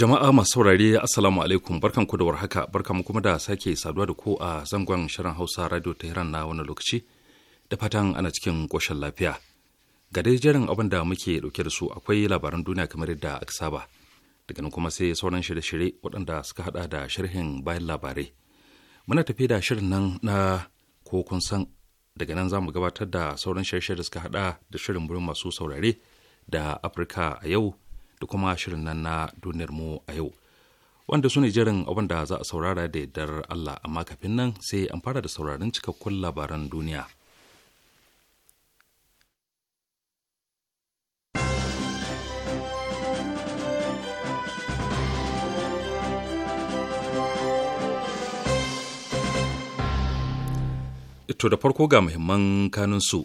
Jama'a masu saurare Assalamu alaikum barkan ku da warhaka barkan mu kuma da sake saduwa da ku a zangon shirin Hausa Radio Tehran na wani lokaci da fatan ana cikin koshin lafiya. Ga dai jerin abin da muke dauke da su akwai labaran duniya kamar yadda aka saba. Daga nan kuma sai sauran shirye-shirye waɗanda suka hada da sharhin bayan labarai. Muna tafi da shirin nan na ko kun san daga nan zamu gabatar da sauran shirye-shirye da suka hada da shirin burin masu saurare da Afirka a yau da kuma shirin nan na duniyar mu a yau wanda su ne jirin abin da za a saurara da yardar Allah amma kafin nan sai an fara da sauraron cikakkun labaran duniya. To da farko ga muhimman kanunsu. su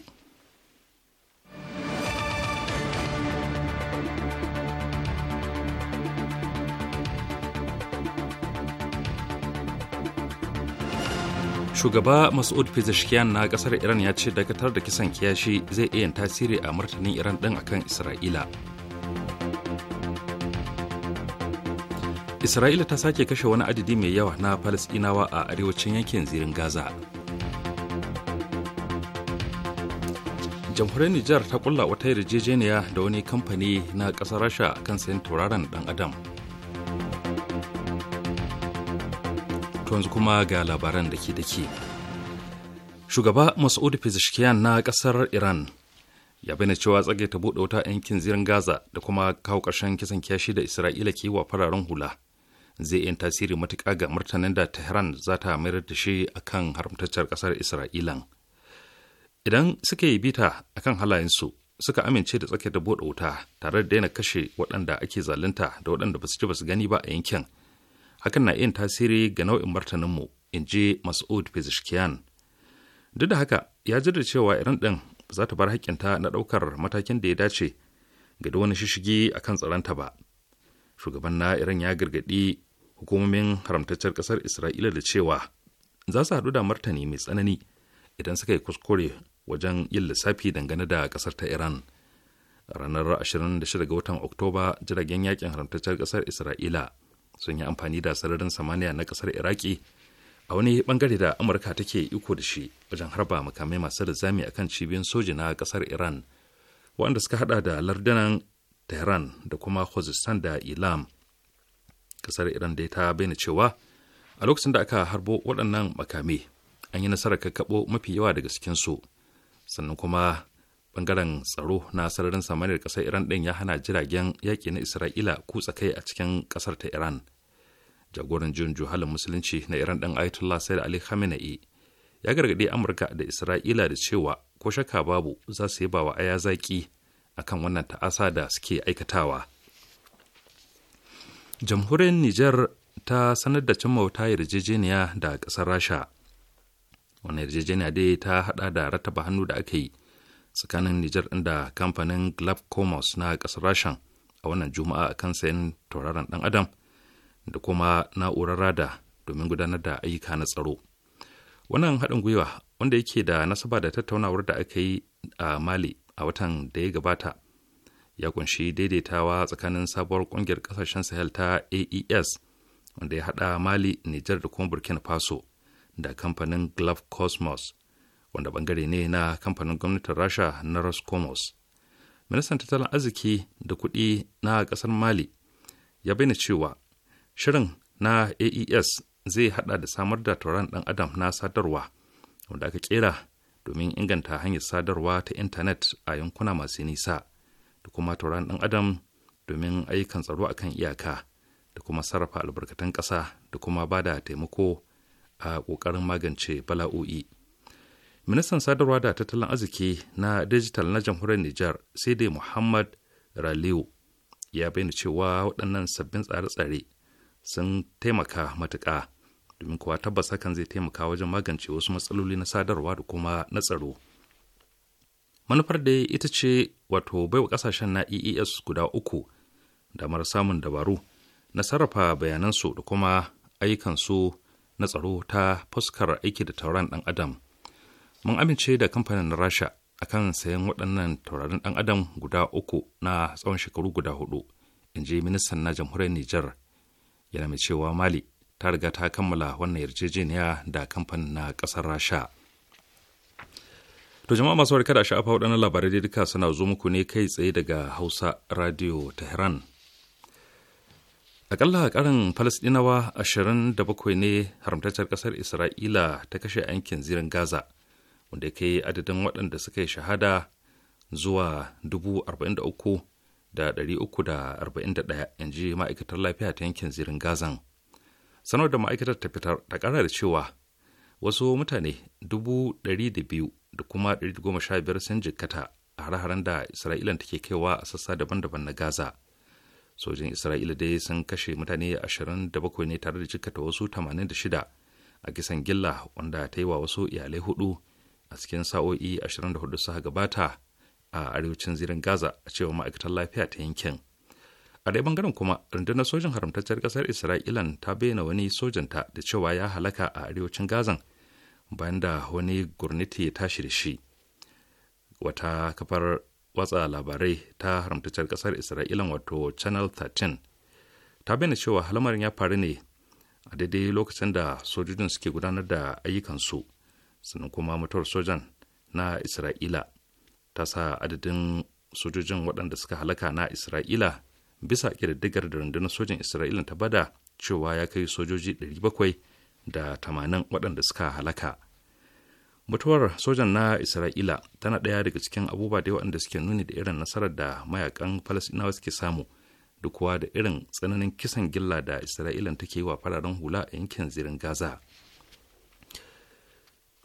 shugaba mas'ud pezeshkian na kasar iran ya ce dakatar da kisan kiyashi zai iya tasiri a martanin iran din akan isra'ila isra'ila ta sake kashe wani adadi mai yawa na falasɗinawa a arewacin yankin zirin gaza jamhuriyar nijar ta kulla wata yarjejeniya da wani kamfani na kasar rasha kan sayan tauraron dan adam yanzu kuma ga labaran da ke da ke. Shugaba Mas'ud Pezeshkian na ƙasar Iran ya bayyana cewa tsage ta buɗe wuta yankin zirin Gaza da kuma kawo ƙarshen kisan kyashi da Isra'ila ke yi wa fararen hula. Zai yin tasiri matuƙa ga martanin da Tehran za ta mayar da shi akan haramtaccen ƙasar Isra'ilan. Idan suka yi bita akan halayensu, suka amince da tsake da buɗe wuta tare da daina kashe waɗanda ake zalunta da waɗanda ba su ci ba su gani ba a yankin. hakan na yin tasiri ga nau'in martaninmu in ji mas'ud pezeshkian duk da haka ya da cewa iran ɗin za ta bar haƙƙinta na ɗaukar matakin da ya dace ga wani shishigi a kan tsaronta ba shugaban na iran ya gargaɗi hukumomin haramtaccen ƙasar isra'ila da cewa za su haɗu da martani mai tsanani idan suka yi kuskure wajen yin lissafi dangane da ƙasar ta iran ranar 26 ga watan oktoba jiragen yakin haramtaccen ƙasar isra'ila sun yi amfani da sararin samaniya na kasar iraki a wani bangare da amurka take iko da shi wajen harba makamai masu da a kan cibiyar soji na kasar iran waɗanda suka hada da lardunan tehran da kuma khuzistan da ilam kasar iran dai ta bayyana cewa a lokacin da aka harbo waɗannan makamai an yi nasarar kakkaɓo mafi yawa daga cikinsu sannan kuma bangaren tsaro na sararin samaniyar kasar iran ɗin ya hana jiragen yaƙi na isra'ila kutsa kai a cikin ƙasar ta iran jagoran jin juhalin musulunci na iran ɗin ayatollah sayyid ali khamenei ya gargaɗi amurka da isra'ila da cewa ko shakka babu za su yaba wa aya zaki akan wannan ta'asa da suke aikatawa jamhuriyar nijar ta sanar da cimma wata yarjejeniya da ƙasar rasha wannan yarjejeniya dai ta hada da rataba hannu da aka yi tsakanin niger da kamfanin glabcomos na ƙasar rashan a wannan juma'a akan sayan tauraron dan adam da kuma na'urar rada domin gudanar da ayyuka na tsaro wannan haɗin gwiwa wanda yake da nasaba da tattaunawar da aka yi a mali a watan da ya gabata ya kunshi daidaitawa tsakanin sabuwar ƙungiyar ƙasashen sahel ta aes wanda ya haɗa mali nijar da kuma burkina faso da kamfanin glove cosmos wanda bangare ne na kamfanin gwamnatin rasha na roscosmos ministan tattalin arziki da kuɗi na ƙasar mali ya bayyana cewa Shirin na AES zai hada da samar da tauraron dan adam na sadarwa wanda aka kera domin inganta hanyar sadarwa ta intanet a yankuna masu nisa da kuma tauraron dan adam domin ayyukan tsaro a kan iyaka da kuma sarrafa albarkatun ƙasa da kuma ba da taimako a ƙoƙarin magance bala'o'i. Ministan sadarwa da tattalin arziki na dijital na jamhuriyar Nijar sai dai Muhammad Raliu ya bayyana cewa waɗannan sabbin tsare-tsare sun taimaka matuka domin kuwa tabbas hakan zai taimaka wajen magance wasu matsaloli na sadarwa da kuma na tsaro manufar da ita ce wato baiwa kasashen na ees guda uku damar samun dabaru na sarrafa bayanansu da kuma ayyukansu na tsaro ta fuskar aiki da tauraron dan adam mun amince da kamfanin rasha akan sayan waɗannan tauraron dan adam guda uku na tsawon shekaru guda hudu in ji ministan na jamhuriyar nijar yana mai cewa mali ta riga ta kammala wannan yarjejeniya da kamfanin na kasar rasha to jama'a masu warkar da sha'afa waɗannan labarai da duka suna zo muku ne kai tsaye daga hausa radio tehran akalla karin falasɗinawa 27 ne haramtaccen ƙasar isra'ila ta kashe yankin zirin gaza wanda ya kai adadin waɗanda suka yi shahada zuwa 43 da 341 yanji ma'aikatar lafiya ta yankin zirin gazan sanar da ma'aikatar ta fitar ta kara da cewa wasu mutane 200,000 da kuma 115 sun jikkata a har-haren da isra'ila take kaiwa a sassa daban-daban na gaza sojin isra'ila dai sun kashe mutane 27 ne tare da jikkata wasu 86 a kisan gilla wanda ta yi wa wasu iyalai hudu a cikin sa'o'i 24 suka gabata a arewacin zirin gaza a cewa ma'aikatar lafiya ta yankin a dai bangaren kuma rundunar sojin haramtacciyar kasar isra'ila ta bayyana wani sojanta da cewa ya halaka a arewacin gazan bayan da wani gurniti ya tashi da shi wata kafar watsa labarai ta haramtacciyar kasar israila wato channel 13 ta bayyana cewa halamarin ya faru ne a daidai lokacin da sojojin suke gudanar da ayyukansu sannan kuma mutuwar sojan na isra'ila ta sa adadin sojojin waɗanda suka halaka na isra'ila bisa ƙididdigar da rundunar sojin isra'ila ta bada cewa ya kai sojoji 700 da 80 waɗanda suka halaka mutuwar sojan na isra'ila tana ɗaya daga cikin abubuwa da waɗanda suke nuni da irin nasarar da mayakan falasinawa suke samu da kuwa da irin tsananin kisan gilla da isra'ila take yi wa fararen hula a yankin zirin gaza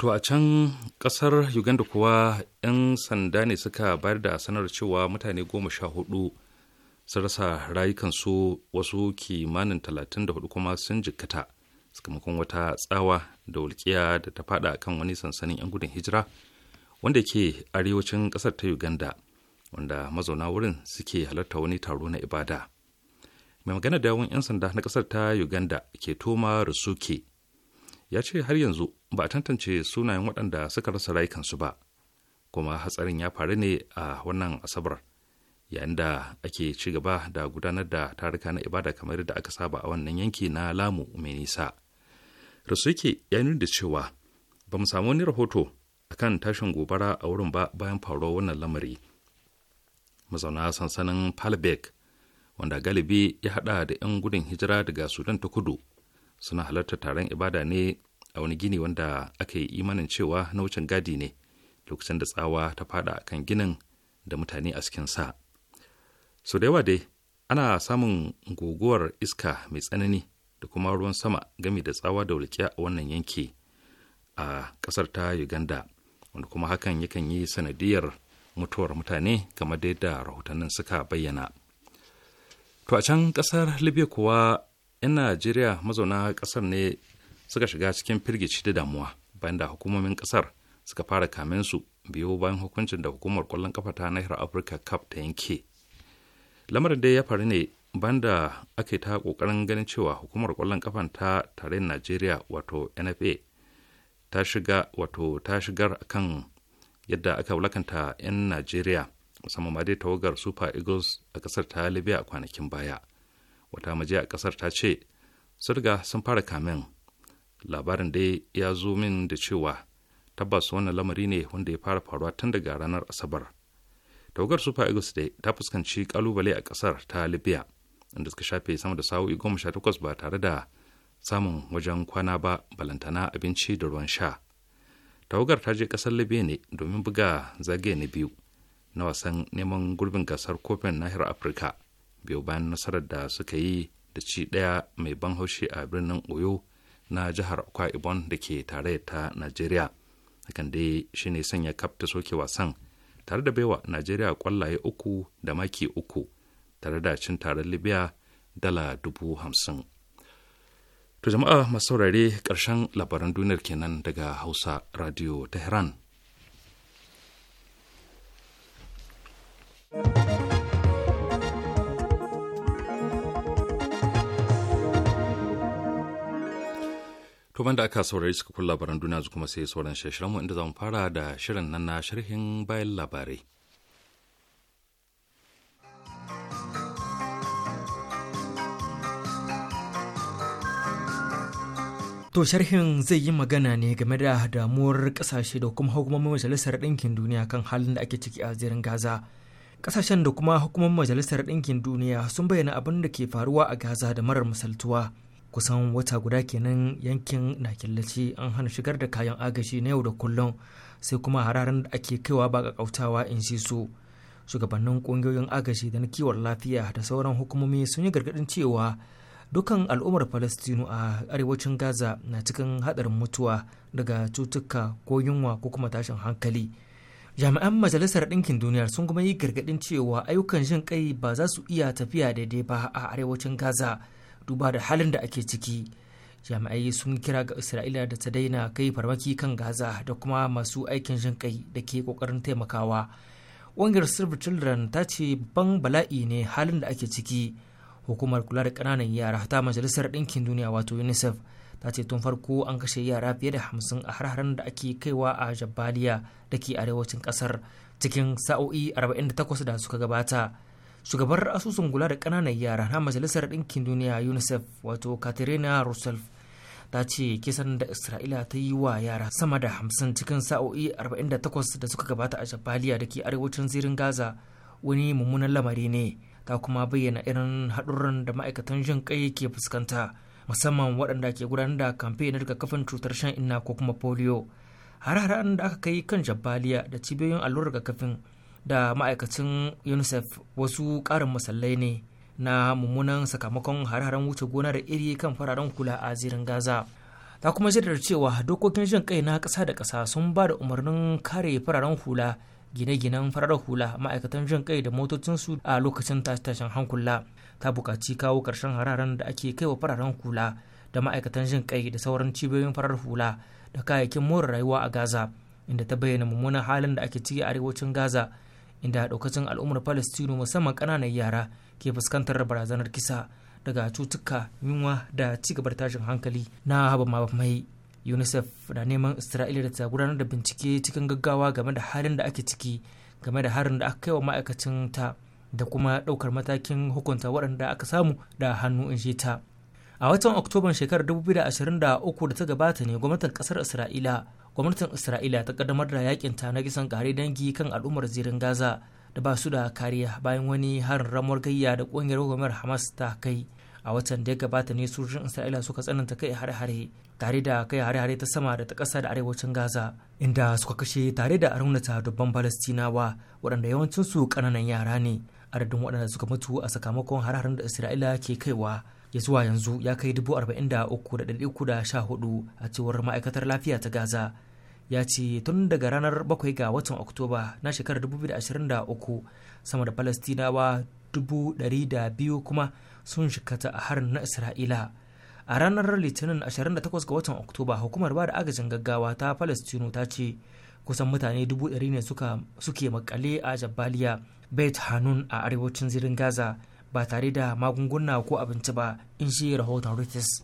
To a can ƙasar Uganda kuwa 'yan sanda ne suka bayar da sanar cewa mutane goma sha hudu sun rasa rayukansu wasu kimanin talatin da hudu kuma sun jikkata sakamakon wata tsawa da walƙiya da ta fada kan wani sansanin 'yan gudun hijira wanda ke arewacin kasar ta Uganda wanda mazauna wurin suke halarta wani taro na ibada. Mai magana da yawon 'yan sanda na kasar ta Uganda ke Toma Rusuke ya ce har yanzu ba tantance sunayen waɗanda suka rasa rayukansu ba kuma hatsarin ya faru ne a wannan asabar yayin da ake ci gaba da gudanar da taruka na ibada kamar da aka saba a wannan yanki na lamu mai nisa rasuke ya nuna da cewa ba mu samu wani rahoto a kan tashin gobara a wurin ba bayan faruwar wannan lamari mazauna sansanin palbek wanda galibi ya hada da 'yan gudun hijira daga sudan ta kudu suna halartar taron ibada ne a wani gini wanda aka yi imanin cewa na wucin gadi ne lokacin da tsawa ta fada kan ginin da mutane a cikin sa so da yawa dai ana samun guguwar iska mai tsanani da kuma ruwan sama gami da tsawa da walƙiya a wannan yanki a ƙasar ta uganda wanda kuma hakan yakan yi sanadiyar mutuwar mutane kamar da rahotannin suka bayyana to a can ƙasar libya kuwa 'yan najeriya mazauna kasar ne suka shiga cikin firgici da damuwa bayan da hukumomin kasar suka fara kamen su biyo bayan hukuncin da hukumar kwallon kafa ta nahiyar afirka cup ta yanke lamarin dai ya faru ne bayan da aka yi ta kokarin ganin cewa hukumar kwallon kafan ta tarayyar najeriya wato nfa ta shiga wato ta shigar kan yadda aka wulakanta 'yan najeriya musamman ma dai tawagar super eagles a kasar ta libya kwanakin baya wata maje a kasar ta ce sun sun fara kamin labarin dai ya zo min da cewa tabbas wannan lamari ne wanda ya fara faruwa tun daga ranar asabar tawagar super eagles dai ta fuskanci kalubale a ƙasar ta libya inda suka shafe sama da sa'o'i goma sha takwas ba tare da samun wajen kwana ba balantana abinci da ruwan sha tawagar ta je kasar libya ne domin buga zagaye na biyu na wasan neman gurbin gasar kofin nahiyar afirka biyu bayan nasarar da suka yi da ci ɗaya mai ban haushi a birnin oyo na jihar akwa ibon da ke tare ta najeriya hakan dai shine sanya kaf ta soke wasan tare da baiwa najeriya kwallaye uku da maki uku tare da cin tare libya dala dubu hamsin to jama'a masu saurare karshen labaran duniyar kenan daga hausa radio tehran thank you To da aka saurari suka kun labaran duniya kuma sai sauran shirinmu inda zamu fara da shirin nan na sharhin bayan labarai. To sharhin zai yi magana ne game da damuwar kasashe da kuma hukumomin majalisar ɗinkin duniya kan halin da ake ciki a zirin Gaza. Kasashen da kuma hukumomin majalisar ɗinkin duniya sun bayyana abin da ke faruwa a Gaza da marar misaltuwa. kusan wata guda kenan yankin na killace an hana shigar da kayan agaji na yau da kullum sai kuma hararen da ake kaiwa ba ƙaƙautawa in shi su shugabannin ƙungiyoyin agaji da na kiwon lafiya da sauran hukumomi sun yi gargadin cewa dukan al'ummar palestinu a arewacin gaza na cikin haɗarin mutuwa daga cutuka ko yunwa ko kuma tashin hankali jami'an majalisar ɗinkin duniya sun kuma yi gargadin cewa ayyukan jin kai ba za su iya tafiya daidai ba a arewacin gaza duba da halin da ake ciki jami'ai sun kira ga isra'ila da ta daina kai farmaki kan gaza da kuma masu aikin jin kai da ke kokarin taimakawa ƙungiyar silver children ta ce ban bala'i ne halin da ake ciki hukumar kula da ƙananan yara ta majalisar ɗinkin duniya wato unicef ta ce tun farko an kashe yara fiye da hamsin a har-haren da ake kaiwa a jabaliya da ke arewacin ƙasar cikin sa'o'i 48 da suka gabata shugabar asusun kula da kananan yara na majalisar ɗinkin duniya unicef wato katerina rousseff ta ce kisan da isra'ila ta yi wa yara sama da hamsin cikin sa'o'i 48 da suka gabata a jabaliya da ke arewacin zirin gaza wani mummunan lamari ne ta kuma bayyana irin haɗurran da ma'aikatan jin kai ke fuskanta musamman waɗanda ke gudanar da kamfe na rigakafin cutar shan inna ko kuma polio har-haren da aka kai kan jabaliya da cibiyoyin allurar rigakafin da ma'aikacin unicef wasu ƙarin masallai ne na mummunan sakamakon hare-haren wuce gona da iri kan fararen kula a zirin gaza ta kuma shaidar cewa dokokin jin kai na ƙasa da ƙasa sun ba da umarnin kare fararen hula gine-ginen fararen hula ma'aikatan jin kai da motocinsu a lokacin tashin hankula ta buƙaci kawo ƙarshen hararen da ake kai wa fararen hula da ma'aikatan jin kai da sauran cibiyoyin farar hula da kayayyakin more rayuwa a gaza inda ta bayyana mummunan halin da ake ciki a arewacin gaza inda daukacin al'ummar palestino musamman kananan yara ke fuskantar barazanar kisa daga cutuka yunwa da ci gabar tashin hankali na haba mai unicef na neman isra'ila da ta gudanar da bincike cikin gaggawa game da halin da ake ciki game da harin da aka kai wa ma'aikacin ta da kuma ɗaukar matakin hukunta waɗanda aka samu da hannu in ta a watan oktoban shekarar 2023 da ta gabata ne gwamnatin ƙasar isra'ila gwamnatin isra'ila ta kaddamar da yakin ta na kisan kare dangi kan al'ummar zirin gaza da ba su da kariya bayan wani harin ramuwar gayya da kungiyar hukumar hamas ta kai a watan da ya gabata ne sojojin isra'ila suka tsananta kai hare-hare tare da kai hare-hare ta sama da ta ƙasa da arewacin gaza inda suka kashe tare da raunata dubban falastinawa waɗanda yawancinsu ƙananan yara ne adadin waɗanda suka mutu a sakamakon hare-haren da isra'ila ke kaiwa ya zuwa yanzu ya kai 43,314 a cewar ma'aikatar lafiya ta gaza ya ce tun daga ranar 7 ga watan oktoba na shekarar 2023 sama da falastinawa 200,000 kuma sun shikata a harin na isra'ila a ranar litinin 28 ga watan oktoba hukumar ba da agajin gaggawa ta palestino ta ce kusan mutane 100,000 ne suke makale a jabaliya bet hanun a arewacin zirin gaza ba tare da magunguna ko abinci ba in shi rahoton reuters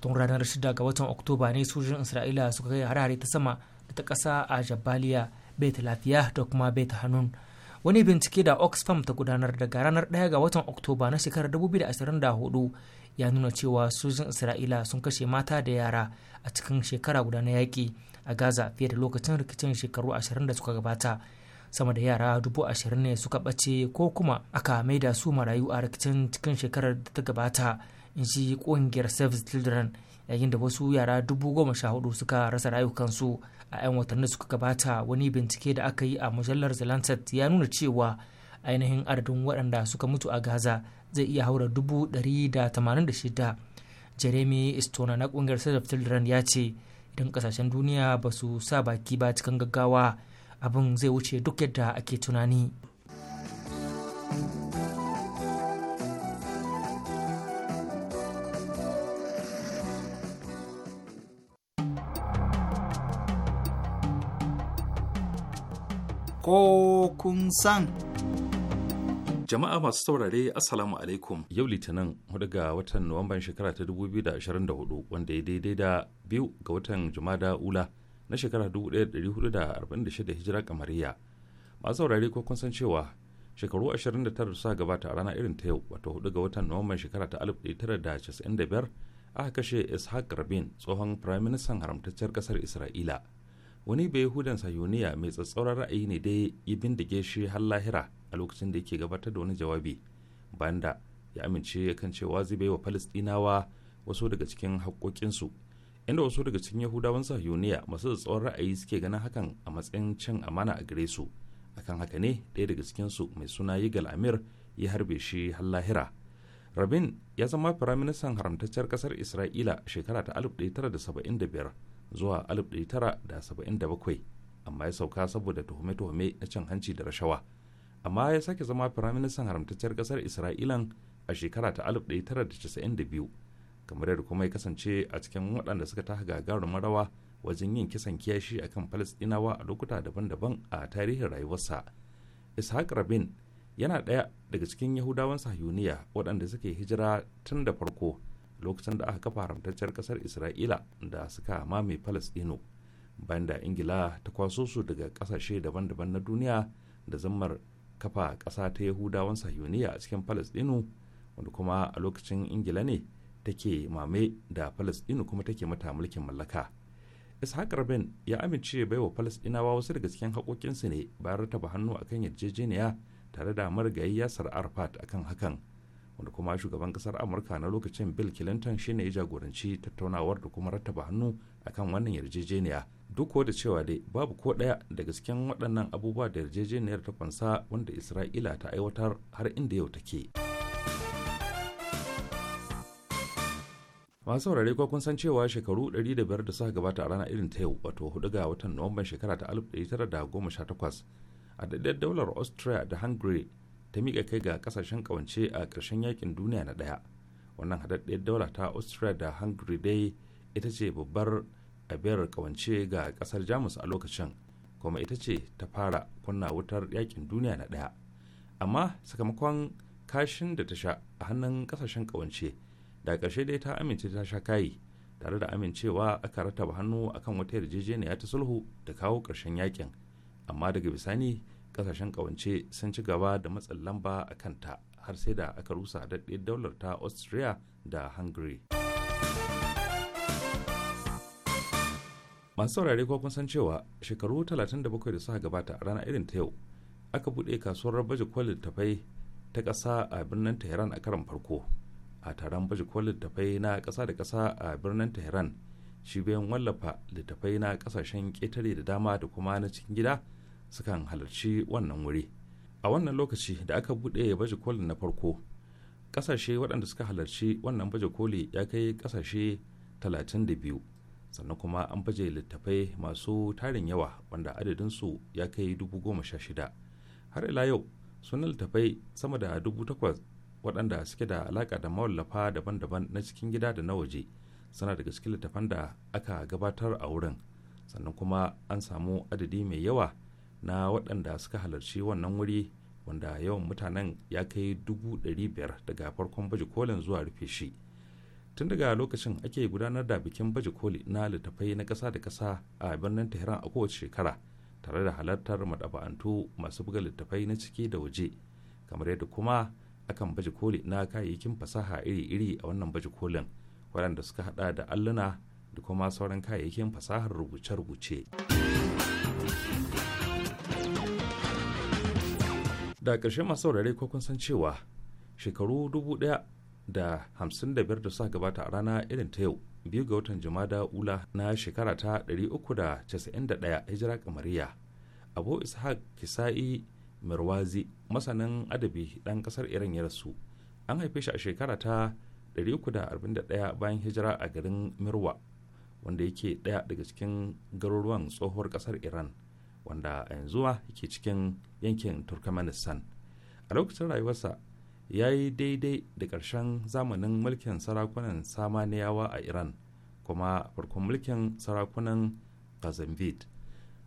tun ranar 6 ga watan oktoba ne sojin isra'ila suka kai harare ta sama da ta kasa a jabaliya bet lafiya da kuma bet hannun wani bincike da oxfam ta gudanar daga ranar 1 ga watan oktoba na shekarar 2024 ya nuna cewa sojin isra'ila sun kashe mata da yara a cikin shekara guda na yaƙi a gaza fiye da lokacin rikicin shekaru 20 da suka gabata sama da yara dubu ashirin ne suka ɓace ko kuma aka maida su marayu a rikicin cikin shekarar da ta gabata in shi ƙungiyar save children yayin da wasu yara dubu goma sha hudu suka rasa rayukansu a 'yan watanni suka gabata wani bincike da aka yi a mujallar the lancet ya nuna cewa ainihin adadin waɗanda suka mutu a gaza zai iya haura dubu ɗari da tamanin da shida jeremy stone na ƙungiyar save children ya ce idan ƙasashen duniya ba su sa baki ba cikin gaggawa abin zai wuce duk yadda ake tunani ko kun san. Jama'a masu saurare Assalamu alaikum. Yau Litinin hudu ga watan Nuwamban shekara ta 2024 wanda ya daidai da biyu ga watan Jumada Ula na shekara 1446 hijira kamariya masu saurare ko kun san cewa shekaru 29 suka gabata a rana irin ta yau wato 4 ga watan nuwamban shekara ta 1995 aka kashe ishaq rabin tsohon firaministan haramtacciyar kasar isra'ila wani bai hudan sayuniya mai tsatsauran ra'ayi ne dai yi bindige shi har lahira a lokacin da yake gabatar da wani jawabi bayan da ya amince kan cewa zai bai wa falastinawa wasu daga cikin haƙoƙinsu inda wasu daga cikin yahudawan sahiyoniya masu tsawon ra'ayi suke ganin hakan a matsayin cin amana a gare su akan haka ne ɗaya daga cikin su mai suna yigal amir ya harbe shi har lahira rabin ya zama firaministan haramtacciyar kasar isra'ila shekara ta 1975 zuwa 1977 amma ya sauka saboda tuhume-tuhume na cin hanci da rashawa amma ya sake zama firaministan haramtacciyar kasar isra'ilan a shekara ta 1992 kamar yadda kuma ya kasance a cikin waɗanda suka taka gagarumin marawa wajen yin kisan kiyashi a kan falasɗinawa a lokuta daban-daban a tarihin rayuwarsa ishaq rabin yana ɗaya daga cikin yahudawan sahiyuniya waɗanda suka yi hijira tun da farko lokacin da aka kafa haramtacciyar ƙasar isra'ila da suka mame falasɗino bayan da ingila ta kwaso su daga ƙasashe daban-daban na duniya da zammar kafa ƙasa ta yahudawan sahiyuniya a cikin falasɗinu wanda kuma a lokacin ingila ne take mame da palestinu kuma take mata mulkin mallaka ishaq rabin ya amince bai wa wa wasu daga cikin haƙoƙinsu ne bayan rataba hannu akan yarjejeniya tare da marigayi yasar arfat akan hakan wanda kuma shugaban kasar amurka na lokacin bill clinton shine ya jagoranci tattaunawar da kuma rattaba hannu akan wannan yarjejeniya duk da cewa dai babu ko ɗaya daga cikin waɗannan abubuwa da yarjejeniyar ta kwansa wanda isra'ila ta aiwatar har inda yau take. masu saurare ko kun san cewa shekaru 105 da suka gabata a rana irin ta yau wato 4 ga watan nuwamban shekara ta 1918 a daidai daular austria da hungary ta miƙa kai ga kasashen kawance a ƙarshen yakin duniya na ɗaya wannan haɗaɗɗiyar daula ta austria da hungary dai ita ce babbar abiyar kawance ga ƙasar jamus a lokacin kuma ita ce ta fara kunna wutar yakin duniya na ɗaya amma sakamakon kashin da ta sha a hannun ƙasashen kawance da ƙarshe dai ta amince ta sha kayi tare da amincewa aka rataba hannu akan wata yarjejeniya ta sulhu da kawo ƙarshen yakin amma daga bisani ƙasashen ƙawance sun ci gaba da matsin lamba a kanta har sai da aka rusa daɗe daular ta austria da hungary masu saurare ko kun san cewa shekaru 37 da suka gabata a rana irin ta yau aka buɗe kasuwar baje kolin tafai ta ƙasa a birnin tehran a karon farko a taron baje kolin littattafai na ƙasa da ƙasa a birnin tehran shi bayan wallafa littattafai na ƙasashen ƙetare da dama da kuma na cikin gida sukan halarci wannan wuri a wannan lokaci da aka buɗe baje kolin na farko ƙasashe waɗanda suka halarci wannan baje koli ya kai ƙasashe 32 sannan kuma an baje littattafai masu tarin yawa wanda adadinsu ya kai 16,000 har ila yau sunan littattafai sama da dubu takwas waɗanda suke da alaƙa da mawallafa daban-daban na cikin gida da na waje suna daga cikin littafan da aka gabatar a wurin sannan kuma an samu adadi mai yawa na waɗanda suka halarci wannan wuri wanda yawan mutanen ya kai dubu ɗari biyar daga farkon baje kolin zuwa rufe shi tun daga lokacin ake gudanar da bikin baje koli na littafai na ƙasa da ƙasa a birnin tehran a kowace shekara tare da halartar maɗaba'antu masu buga littafai na ciki da waje kamar yadda kuma akan baje koli na kayayyakin fasaha iri-iri a wannan baje kolin waɗanda suka hada da alluna da kuma sauran kayayyakin fasahar rubuce-rubuce da ƙarshe masu saurare ko kun san cewa shekaru dubu ɗaya da hamsin da biyar da suka gabata a rana irin ta yau biyu ga watan da ula na shekara ta ɗari uku da da casa'in 391 hijira kamariya abu ishaq kisa'i mirwazi masanin adabi ɗan ƙasar iran ya rasu an haife shi a shekara ta 341 bayan hijira a garin mirwa wanda yake ɗaya daga cikin garuruwan tsohuwar ƙasar iran wanda a yanzu yake cikin yankin turkmenistan a lokacin rayuwarsa ya yi daidai da ƙarshen zamanin mulkin sarakunan samaniyawa a iran kuma farkon mulkin sarakunan kazanvid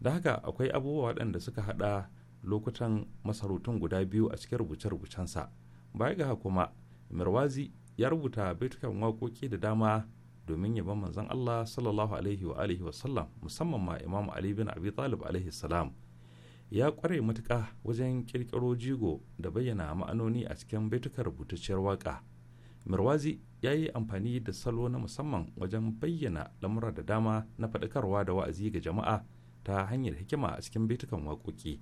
da haka akwai abubuwa waɗanda suka hada lokutan masarautun guda biyu a cikin rubuce-rubucensa baya ga kuma mirwazi ya rubuta baitukan waƙoƙi da dama domin yaban manzon Allah sallallahu alaihi wa alihi wa sallam musamman ma Imam Ali bin Abi Talib alaihi salam ya ƙware matuƙa wajen kirkiro jigo da bayyana ma'anoni a cikin baitukan rubutacciyar waƙa mirwazi ya yi amfani da salo na musamman wajen bayyana lamura da dama na faɗakarwa da wa'azi ga jama'a ta hanyar hikima a cikin baitukan waƙoƙi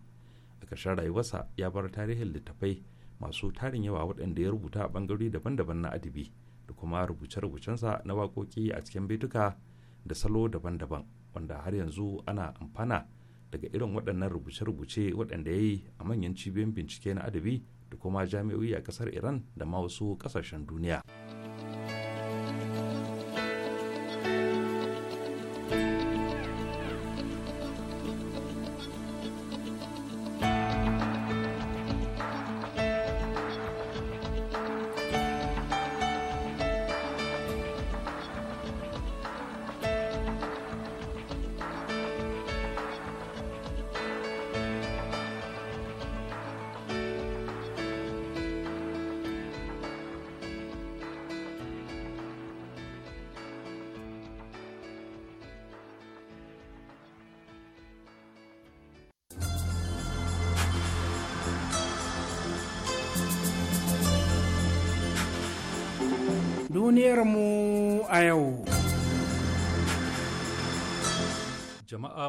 a ƙarshen rayuwarsa ya bar tarihin littafai masu tarin yawa waɗanda ya rubuta a ɓangarori daban-daban na adabi da kuma rubuce-rubucensa na waƙoƙi a cikin baituka da salo daban-daban wanda har yanzu ana amfana daga irin waɗannan rubuce-rubuce waɗanda ya yi a manyan cibiyoyin bincike na adabi da kuma jami'o'i a ƙasar iran da ma wasu ƙasashen duniya.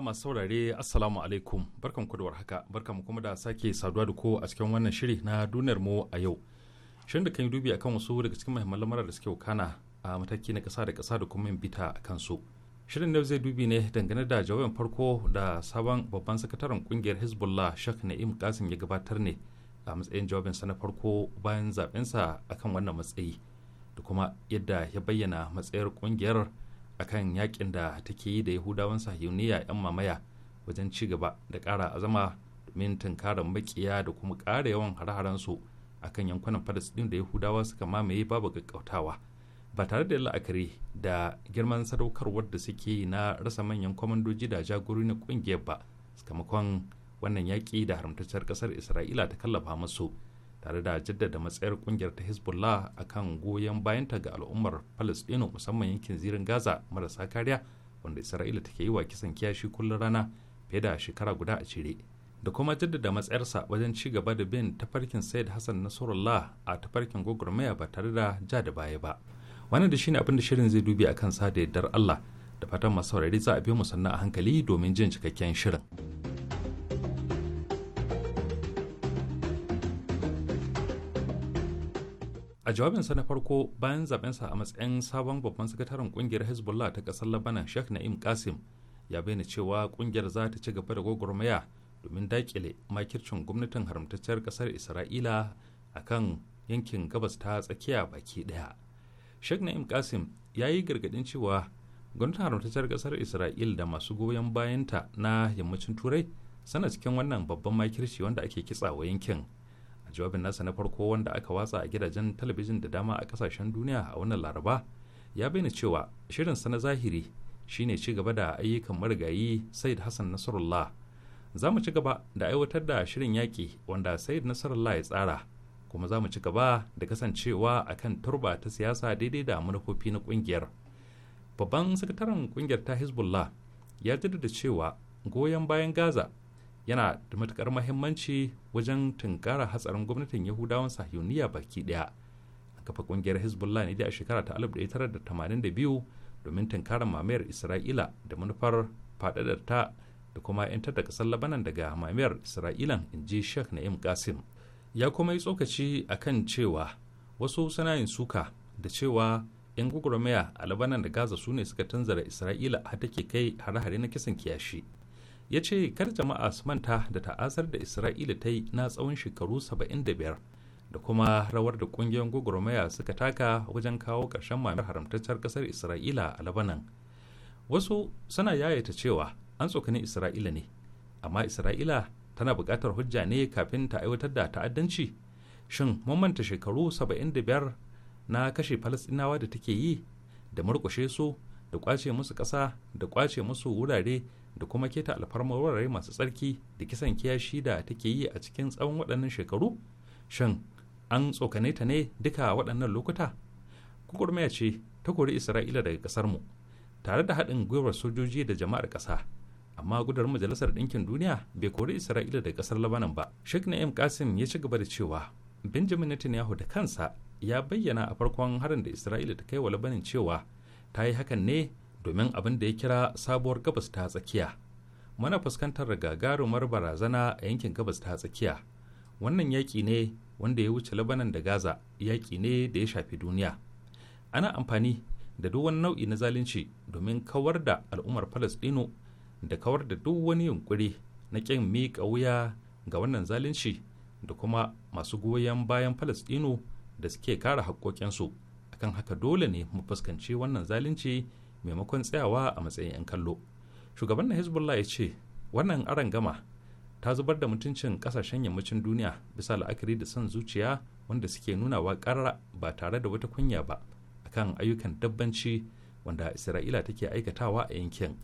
masu saurare assalamu alaikum barkan ku da warhaka barkan mu kuma da sake saduwa da ku a cikin wannan shiri na duniyar mu a yau shirin da kan yi dubi akan wasu daga cikin muhimman lamarar da suke wukana a mataki na kasa da kasa da kuma bita a kansu shirin da zai dubi ne dangane da jawabin farko da sabon babban sakataren kungiyar hezbollah shak na'im kasim ya gabatar ne a matsayin jawabinsa na farko bayan sa akan wannan matsayi da kuma yadda ya bayyana matsayar kungiyar akan yakin da take yi da yahudawan sahiyuniya 'yan mamaya wajen ci gaba da ƙara azama domin tunkarar makiya da kuma ƙara yawan hare-haren su akan yankunan falasɗin da yahudawa suka mamaye babu gaggautawa ba tare da la'akari da girman sadaukarwar da suke yi na rasa manyan kwamandoji da jagori na ƙungiyar ba sakamakon wannan yaƙi da haramtacciyar ƙasar isra'ila ta kallafa musu tare da jaddada matsayar kungiyar ta hezbollah kan goyon bayanta ga al'ummar palestino musamman yankin zirin gaza marasa kariya wanda isra'ila take yi wa kisan kiyashi kullum rana fiye da shekara guda a cire da kuma jaddada matsayarsa wajen ci gaba da bin tafarkin said hassan nasarullah a tafarkin gwagwarmaya ba tare da ja da baya ba wannan da shine abin da shirin zai dubi akan sa da yardar allah da fatan masu saurari za a biyo mu sannan a hankali domin jin cikakken shirin. a jawabinsa na farko bayan zabensa a matsayin sabon babban sakataren kungiyar hezbollah ta kasar labanan sheikh na'im kasim ya bayyana cewa kungiyar za ta ci gaba da gwagwarmaya domin dakile makircin gwamnatin haramtacciyar kasar isra'ila a kan yankin gabas ta tsakiya baki ɗaya sheikh na'im kasim ya yi gargadin cewa gwamnatin haramtacciyar kasar isra'il da masu goyon bayanta na yammacin turai sana cikin wannan babban makirci wanda ake kitsawa yankin jawabin nasa na farko wanda aka watsa a gidajen talabijin da dama a kasashen duniya a wannan laraba ya bayyana cewa shirin sa na zahiri shine ci gaba da ayyukan marigayi said hassan nasarullah za mu ci gaba da aiwatar da shirin yaƙi wanda said nasarullah ya tsara kuma za mu ci gaba da kasancewa akan turba ta siyasa daidai da manufofi na kungiyar babban sakataren kungiyar ta hezbollah ya jaddada cewa goyon bayan gaza yana da matukar mahimmanci wajen tunkara hatsarin gwamnatin yahudawan sahiyoniya baki daya a kafa kungiyar hezbollah ne dai a shekara ta 1982 domin tunkarar mamayar isra'ila da manufar faɗaɗar ta da kuma 'yantar da ƙasar labanan daga mamayar isra'ilan in ji sheikh na'im qasim ya kuma yi tsokaci a kan cewa wasu sana'in suka da cewa 'yan gwagwarmaya a labanan da gaza su ne suka tanzara isra'ila har take kai hare-hare na kisan kiyashi ya ce kar jama'a su manta da ta'azar da isra'ila ta yi na tsawon shekaru 75 da kuma rawar da kungiyoyin gwagwarmaya suka taka wajen kawo ƙarshen mamayar haramtaccen ƙasar isra'ila a labanan wasu suna yayata cewa an tsokani isra'ila ne amma isra'ila tana buƙatar hujja ne kafin ta aiwatar da ta'addanci shin mun manta shekaru 75 na kashe falasɗinawa da take yi da murƙushe su da ƙwace musu ƙasa da ƙwace musu wurare da kuma keta alfarmar wurare masu tsarki da kisan kiyashi da take yi a cikin tsawon waɗannan shekaru Shan an tsokane ta ne duka waɗannan lokuta gwagwarmaya ce ta kori isra'ila daga ƙasar mu tare da haɗin gwiwar sojoji da jama'ar ƙasa amma gudar majalisar ɗinkin duniya bai kori isra'ila daga ƙasar labanan ba sheikh na'im kasim ya ci gaba da cewa benjamin netanyahu da kansa ya bayyana a farkon harin da isra'ila ta kai wa labanin cewa ta yi hakan ne domin abin da ya kira sabuwar gabas ta tsakiya mana fuskantar gagarumar barazana a yankin gabas ta tsakiya wannan yaƙi ne wanda ya wuce labanan da gaza yaƙi ne da ya shafi duniya ana amfani da duk wani nau'i na zalunci domin kawar da al'ummar Falasɗinu da kawar da duk wani yunkuri na ƙin miƙa wuya ga wannan zalunci da kuma masu goyon bayan Falasɗinu da suke kare haƙƙoƙinsu akan haka dole ne mu fuskanci wannan zalunci maimakon tsayawa a matsayin 'yan kallo shugaban na hezbollah ya ce wannan gama ta zubar da mutuncin kasashen yammacin duniya bisa la'akari da son zuciya wanda suke wa karara ba tare da wata kunya ba akan ayyukan dabbanci wanda isra'ila take aikatawa a yankin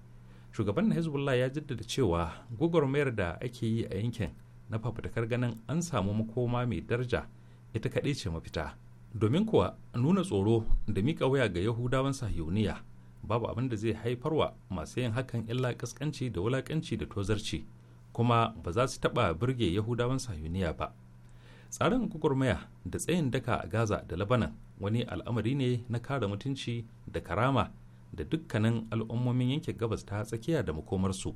shugaban na hezbollah ya jaddada cewa gwagwarmayar da ake yi a yankin na fafutakar ganin an samu makoma mai daraja ita kaɗai ce mafita domin kuwa nuna tsoro da miƙa waya ga yahudawan sahiyoniya babu abin da zai haifarwa masu yin hakan illa kaskanci da wulakanci da tozarci kuma ba za su taɓa birge yahudawan sahuniya ba tsarin gugurmaya da tsayin daka a gaza da labanan wani al'amari ne na kare mutunci da karama da dukkanin al'ummomin yankin gabas ta tsakiya da makomarsu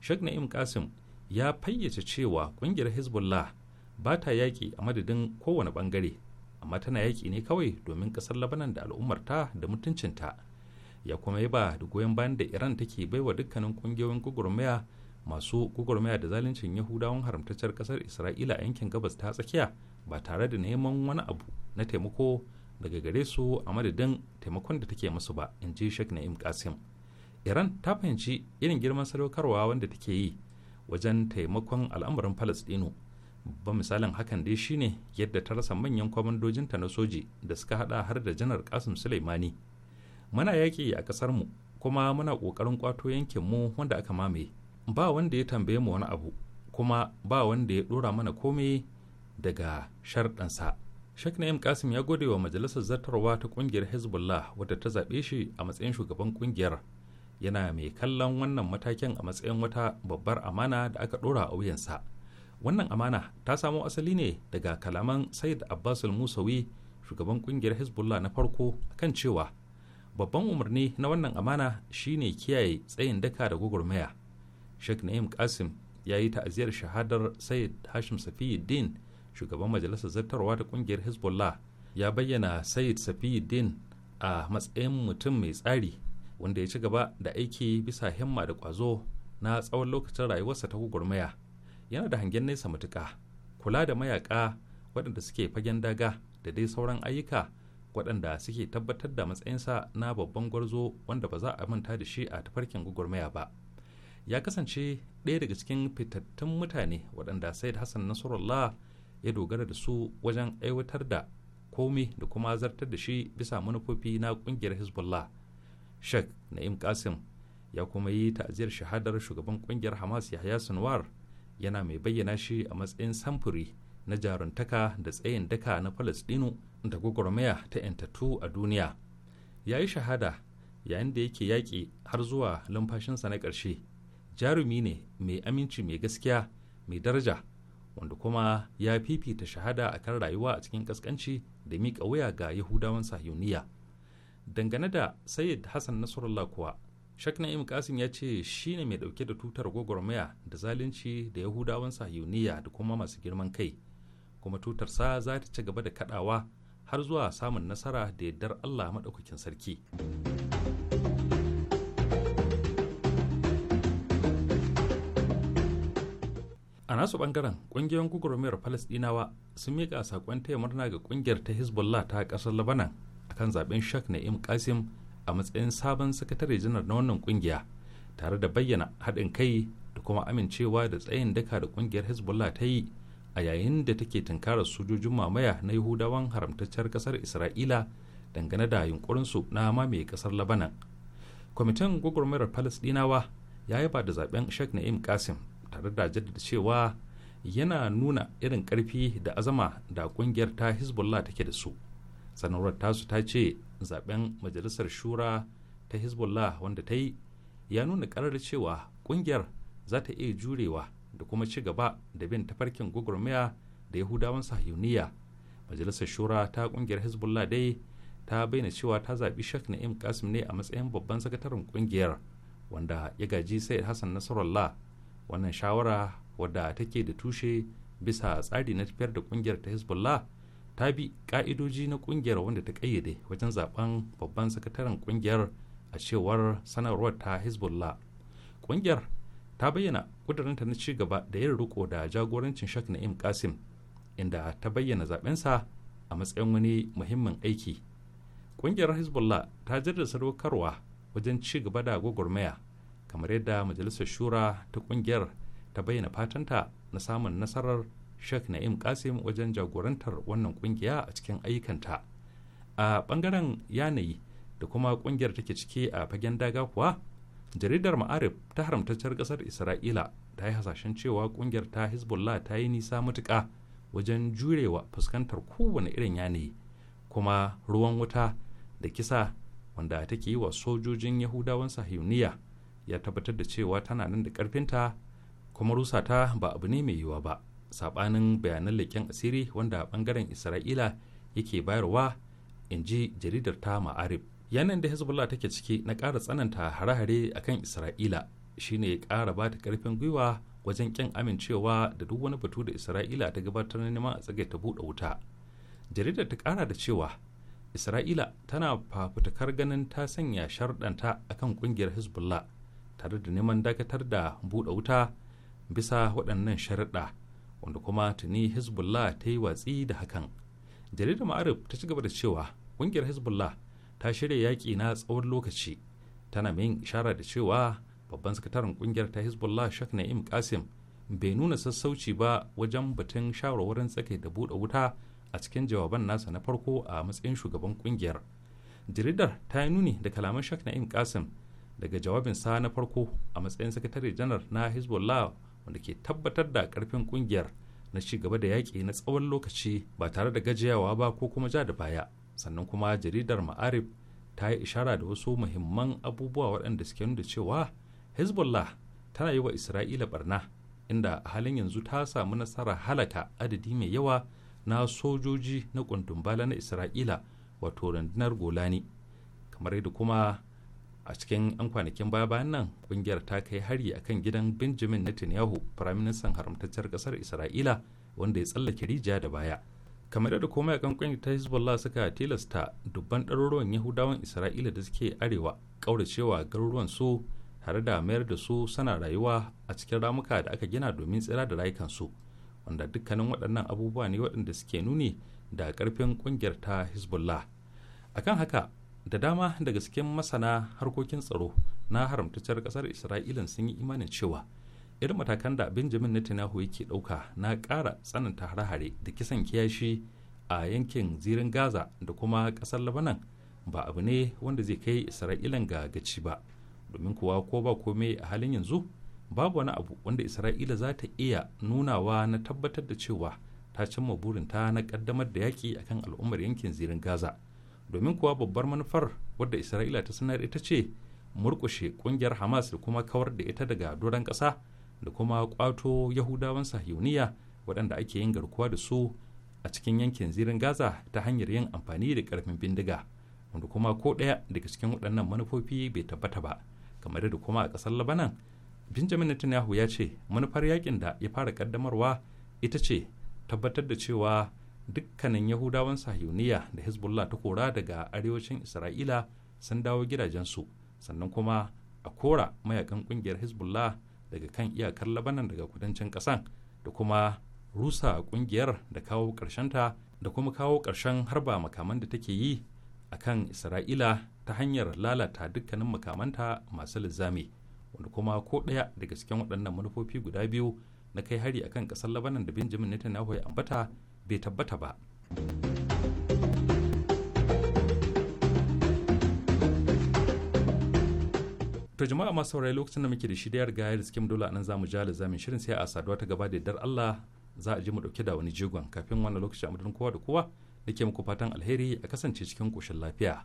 sheikh na'im kasim ya fayyace cewa kungiyar hezbollah ba ta yaƙi a madadin kowane bangare amma tana yaƙi ne kawai domin ƙasar labanan da al'ummarta da mutuncinta ya kuma yi ba da goyon bayan da iran take wa dukkanin kungiyoyin gugurmaya masu gugurmaya da zaluncin yahudawan haramtaccen kasar isra'ila a yankin gabas ta tsakiya ba tare da neman wani abu na taimako daga gare su a madadin taimakon da take musu ba in ji sheikh na'im kasim iran ta fahimci irin girman sadaukarwa wanda take yi wajen taimakon al'amarin falastinu ba misalin hakan dai shine yadda ta rasa manyan kwamandojinta na soji da suka hada har da janar kasim suleimani muna yaƙi a ƙasar mu kuma muna ƙoƙarin ƙwato yankin mu wanda aka mamaye ba wanda ya tambaye mu wani abu kuma ba wanda ya ɗora mana komai daga sharɗansa Sheikh Na'im Kasim ya gode wa majalisar zartarwa ta ƙungiyar Hezbollah wadda ta zaɓe shi a matsayin shugaban ƙungiyar. yana mai kallon wannan matakin a matsayin wata babbar amana da aka ɗora a wuyansa. Wannan amana ta samo asali ne daga kalaman Said Abbasul Musawi shugaban ƙungiyar Hezbollah na farko kan cewa babban umarni na wannan amana shine kiyaye tsayin daka da gwagwarmaya sheikh na'im kasim ya yi ta'aziyar shahadar sayyid hashim safiyuddin shugaban majalisar zartarwa ta kungiyar hezbollah ya bayyana sayyid safiyuddin a matsayin mutum mai tsari wanda ya ci gaba da aiki bisa himma da kwazo na tsawon lokacin rayuwarsa ta gwagwarmaya yana da hangen nesa matuka kula da mayaka waɗanda suke fagen daga da dai sauran ayyuka waɗanda suke tabbatar da matsayinsa na babban gwarzo wanda ba za a manta da shi a tafarkin gwagwarmaya ba ya kasance ɗaya daga cikin fitattun mutane waɗanda said hassan nasarallah ya dogara da su wajen aiwatar da komi da kuma zartar da shi bisa manufofi na ƙungiyar hezbollah sheikh na'im kasim ya kuma yi ta'aziyar shahadar shugaban ƙungiyar hamas yahya sinwar yana mai bayyana shi a matsayin samfuri na jaruntaka da tsayin daka na falastinu da gwagwarmaya ta 'yantattu a duniya ya yi shahada yayin da yake yaƙi har zuwa lumfashinsa na ƙarshe jarumi ne mai aminci mai gaskiya mai daraja wanda kuma ya fifita shahada a kan rayuwa a cikin ƙasƙanci da miƙa wuya ga yahudawan sahiyoniya dangane da sayyid hassan nasrullah kuwa shak na'im kasim ya ce shi ne mai ɗauke da tutar gwagwarmaya da zalunci da yahudawan sahiyoniya da kuma masu girman kai kuma tutarsa za ta ci gaba da kaɗawa har zuwa samun nasara da yardar Allah maɗaukakin sarki. a nasu ɓangaren kungiyoyin gugurumiyar palestinawa sun mika sakon taya murna ga ƙungiyar ta hezbollah ta ƙasar labanan kan zaɓen shak na'im kasim a matsayin sabon sakatare janar na wannan ƙungiya tare da bayyana haɗin kai da kuma amincewa da tsayin daka da ƙungiyar hezbollah ta yi a yayin da take tunkarar sojojin mamaya na yahudawan haramtacciyar kasar isra'ila dangane da yunkurinsu na mamaye kasar labanan kwamitin gwagwarmayar palestinawa ya yaba da zaben sheikh na'im kasim tare da jaddada cewa yana nuna irin karfi da azama da kungiyar ta hezbollah take da su sanarwar tasu ta ce zaben majalisar shura ta hezbollah wanda ta yi ya nuna karar cewa kungiyar za ta iya jurewa da kuma ci gaba da bin tafarkin gwagwarmaya da yahudawan sahiyuniya majalisar shura ta kungiyar hezbollah dai ta bayyana cewa ta zaɓi shek na'im kasim ne a matsayin babban sakataren kungiyar wanda ya gaji sayyid hassan nasarallah wannan shawara wadda take da tushe bisa tsari na tafiyar da kungiyar ta hezbollah ta bi ka'idoji na kungiyar wanda ta kayyade wajen zaben babban sakataren kungiyar a cewar sanarwar ta hezbollah kungiyar ta bayyana ƙudurinta na ci gaba da yin riko da jagorancin shak na'im kasim inda ta bayyana zaɓensa a matsayin wani muhimmin aiki ƙungiyar hezbollah ta jaddada sadaukarwa wajen cigaba da gwagwarmaya kamar yadda majalisar shura ta ƙungiyar ta bayyana fatanta na samun nasarar shak na'im kasim wajen jagorantar wannan ƙungiya a cikin ayyukanta a ɓangaren yanayi da kuma ƙungiyar take ciki a fagen daga kuwa jaridar ma'arif ta haramtacciyar kasar isra'ila ta yi hasashen cewa kungiyar ta hezbollah ta yi nisa matuƙa wajen jurewa fuskantar kowane irin yanayi kuma ruwan wuta da kisa wanda take yi wa sojojin yahudawan sahiyuniya ya tabbatar da cewa tana nan da karfinta kuma rusa ta ba abu ne mai yiwuwa ba sabanin bayanan leƙen asiri wanda bangaren isra'ila yake bayarwa in ji jaridar ta ma'arif yanayin da hezbollah take ciki na ƙara tsananta hare-hare akan isra'ila shine ya ƙara ba ta ƙarfin gwiwa wajen ƙin amincewa da duk wani batu da isra'ila ta gabatar neman a tsage ta buɗe wuta jaridar ta ƙara da cewa isra'ila tana fafutukar ganin ta sanya sharɗanta akan ƙungiyar hezbollah tare da neman dakatar da buɗe wuta bisa waɗannan sharaɗa wanda kuma tuni hezbollah ta yi watsi da hakan jaridar ma'arif ta ci gaba da cewa ƙungiyar hezbollah ta shirya yaƙi na tsawon lokaci tana yin ishara da cewa babban sakataren kungiyar ta hezbollah shak na'im kasim bai nuna sassauci ba wajen batun shawarwarin tsakai da buɗe wuta a cikin jawaban nasa na farko a matsayin shugaban kungiyar jaridar ta yi nuni da kalaman shak na'im kasim daga jawabinsa na farko a matsayin sakatare janar na hezbollah wanda ke tabbatar da karfin kungiyar na ci gaba da yaƙi na tsawon lokaci ba tare da gajiyawa ba ko kuma ja da baya sannan kuma jaridar ma'arib ta yi ishara da wasu muhimman abubuwa waɗanda suke nuna cewa hezbollah tana yi wa isra'ila barna inda a halin yanzu ta samu nasara halata adadi mai yawa na sojoji na kundumbala na isra'ila wato rundunar golani kamar yadda kuma a cikin 'yan kwanakin baya bayan nan kungiyar ta kai hari akan gidan benjamin netanyahu firaministan haramtacciyar kasar isra'ila wanda ya tsallake rijiya da baya kamar yadda komai a kankan ta hezbollah suka tilasta dubban ɗaruruwan yahudawan isra'ila da suke arewa ƙauracewa garuruwan su tare da mayar da su sana rayuwa a cikin ramuka da aka gina domin tsira da rayukansu wanda dukkanin waɗannan abubuwa ne waɗanda suke nuni da ƙarfin ƙungiyar ta hezbollah akan haka da dama daga cikin masana harkokin tsaro na haramtacciyar ƙasar isra'ila sun yi imanin cewa irin matakan da benjamin netanyahu yake dauka na kara tsananta hare-hare da kisan kiyashi a yankin zirin gaza da kuma ƙasar labanan ba abu ne wanda zai kai isra'ilan ga gaci ba domin kuwa ko ba kome a halin yanzu babu wani abu wanda isra'ila za ta iya nunawa na tabbatar da cewa ta cimma burinta na kaddamar da yaki akan al'ummar yankin zirin gaza domin kuwa babbar manufar wadda isra'ila ta sanar ita ce murkushe kungiyar hamas da kuma kawar da ita daga doron kasa. da kuma kwato yahudawan sahiyuniya waɗanda ake yin garkuwa da su a cikin yankin zirin gaza ta hanyar yin amfani da ƙarfin bindiga wanda kuma ko ɗaya daga cikin waɗannan manufofi bai tabbata ba kamar da kuma a ƙasar labanan benjamin netanyahu ya ce manufar yakin da ya fara ƙaddamarwa ita ce tabbatar da cewa dukkanin yahudawan sahiyuniya da hezbollah ta kora daga arewacin isra'ila sun dawo gidajensu sannan kuma a kora mayakan ƙungiyar hezbollah daga kan iyakar labanan daga kudancin kasan da kuma rusa ƙungiyar da kawo ta da kuma kawo ƙarshen harba makaman da take yi a kan isra'ila ta hanyar lalata dukkanin makamanta masu linzami wanda kuma ko ɗaya daga cikin waɗannan manufofi guda biyu na kai hari a kan ƙasar labanan da benjamin netanyahu ya ambata bai tabbata ba. to jama'a masu saurayi lokacin da muke da shi da yarga ya dole nan zamu ja zamin shirin sai a saduwa ta gaba da dar Allah za a ji mu dauke da wani jigon kafin wannan lokaci a madadin kowa da kowa nake muku fatan alheri a kasance cikin koshin lafiya.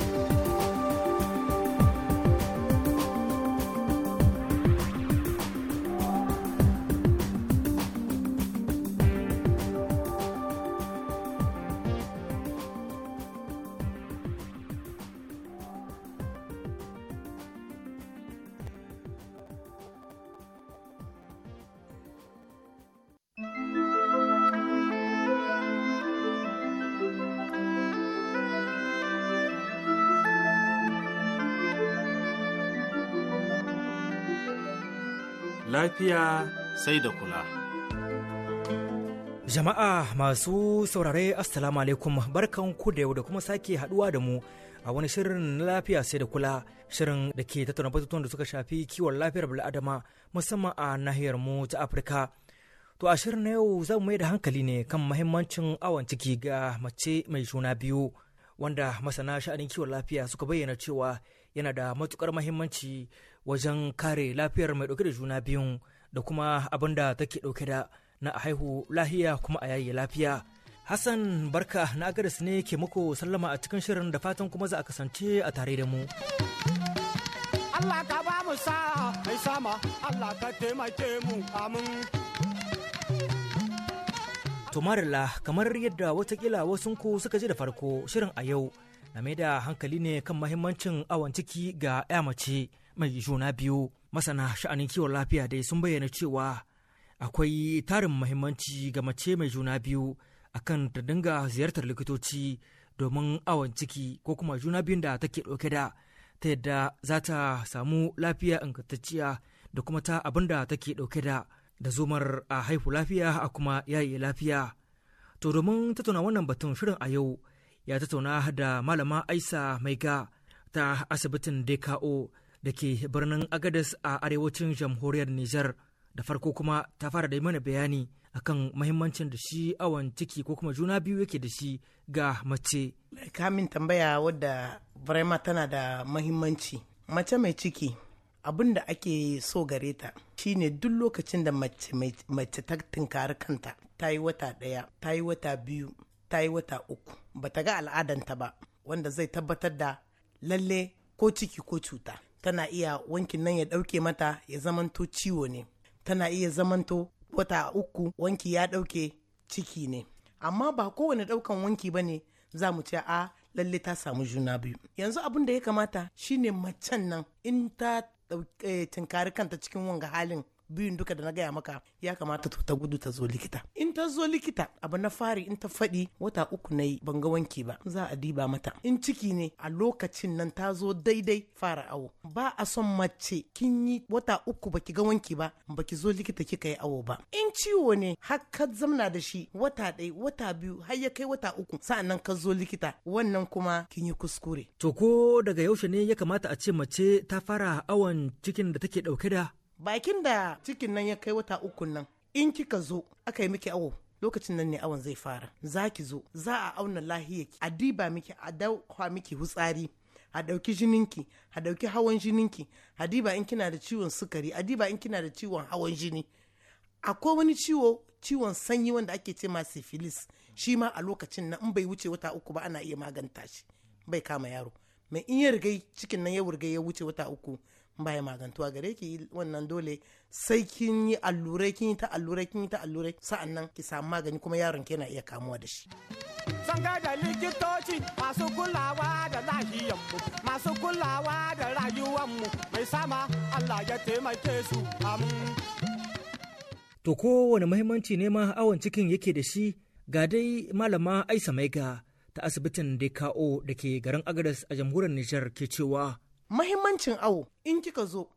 lafiya sai da kula. Jama'a masu saurare Assalamu alaikum barkan ku da yau da kuma sake haduwa da mu a wani shirin lafiya sai da kula shirin da ke tattauna batutuwan da suka shafi kiwon lafiyar bil'adama musamman a nahiyar mu ta Afirka. To a shirin na yau zan mai da hankali ne kan mahimmancin awon ciki ga mace mai juna biyu wanda masana sha'anin kiwon lafiya suka bayyana cewa yana da matukar mahimmanci wajen kare lafiyar mai dauke da juna biyun da kuma abin da take dauke da na a haihu lahiya kuma a yayi lafiya hassan barka na agaris ne ke muku sallama a cikin shirin da fatan kuma za a kasance a tare da mu Allah ka ba sa mai sama Allah ka taimake mu amin marilla kamar yadda watakila wasunku suka ji da farko shirin a yau na mai da hankali ne kan mahimmancin awon ciki ga 'ya mace mai juna biyu masana sha'anin kiwon lafiya dai sun bayyana cewa akwai tarin mahimmanci ga mace mai juna biyu akan ta dinga ziyartar likitoci domin awon ciki ko kuma juna biyun da take ɗauke da ta yadda za ta samu lafiya ingantacciya da kuma ta abin da take ɗauke da da zumar a haihu lafiya a kuma yaye lafiya to domin tattauna wannan batun shirin a yau ya tattauna da malama aisa maiga ta asibitin dko da ke birnin agadas a arewacin jamhuriyar niger da farko kuma ta fara da mana bayani akan mahimmancin da shi awon ciki ko kuma juna biyu yake da shi ga mace kamin tambaya wadda vrema tana da mahimmanci mace mai ciki abin da ake so gare ta shine duk lokacin da mace ta tunkari kanta ta yi wata ɗaya ta yi wata biyu ta yi wata uku ba ta ga al'adanta ba wanda zai tabbatar da lalle ko ciki ko cuta tana iya wankin nan ya ɗauke mata ya zamanto ciwo ne tana iya zamanto wata uku wanki ya ɗauke ciki ne amma ba kowane ɗaukan wanki ba ne za mu ce a lalle ta samu juna biyu yanzu abin da ya kamata shine macen nan in ta eh, tinkari kanta cikin wanga halin biyun duka da na gaya maka ya kamata to ta gudu ta zo likita in ta zo likita abu na fari in ta faɗi wata uku na yi ban ga wanki ba za a diba mata in ciki ne a lokacin nan ta zo daidai fara awo ba a son mace kin yi wata uku baki ga wanki ba baki zo likita kika yi awo ba in ciwo ne har ka zamna da shi wata ɗaya wata biyu har ya kai wata uku sa'annan ka zo likita wannan kuma kin yi kuskure to ko daga yaushe ne ya kamata a ce mace ta fara awon cikin da take ɗauke da bakin da cikin nan ya kai wata ukun nan in kika zo aka yi miki awo lokacin nan ne awon zai fara za ki zo za a auna lahiyaki a diba miki a dauka miki hutsari a dauki jininki a ɗauki hawan jininki a diba in kina da ciwon sukari a diba in kina da ciwon hawan jini akwai wani ciwo ciwon sanyi wanda ake ce ma syphilis shi ma a lokacin nan in bai wuce wata uku ba ana iya maganta shi bai kama yaro mai in ya rigai cikin nan ya wurgai ya wuce wata uku baya magantuwa gare ki wannan dole sai kin yi allurai kin yi ta allurai kin yi ta allurai sa'annan ki samu magani kuma yaron ke na iya kamuwa da shi san da likitoci masu kulawa da lahiyanmu masu kulawa da rayuwanmu mai sama Allah ya taimake su To kowane muhimmanci ne ma awon cikin yake da shi ga dai malama Aisha Maiga ta asibitin da ke garin Agadas a jamhuriyar Nijar ke cewa mahimmancin awo in kika zo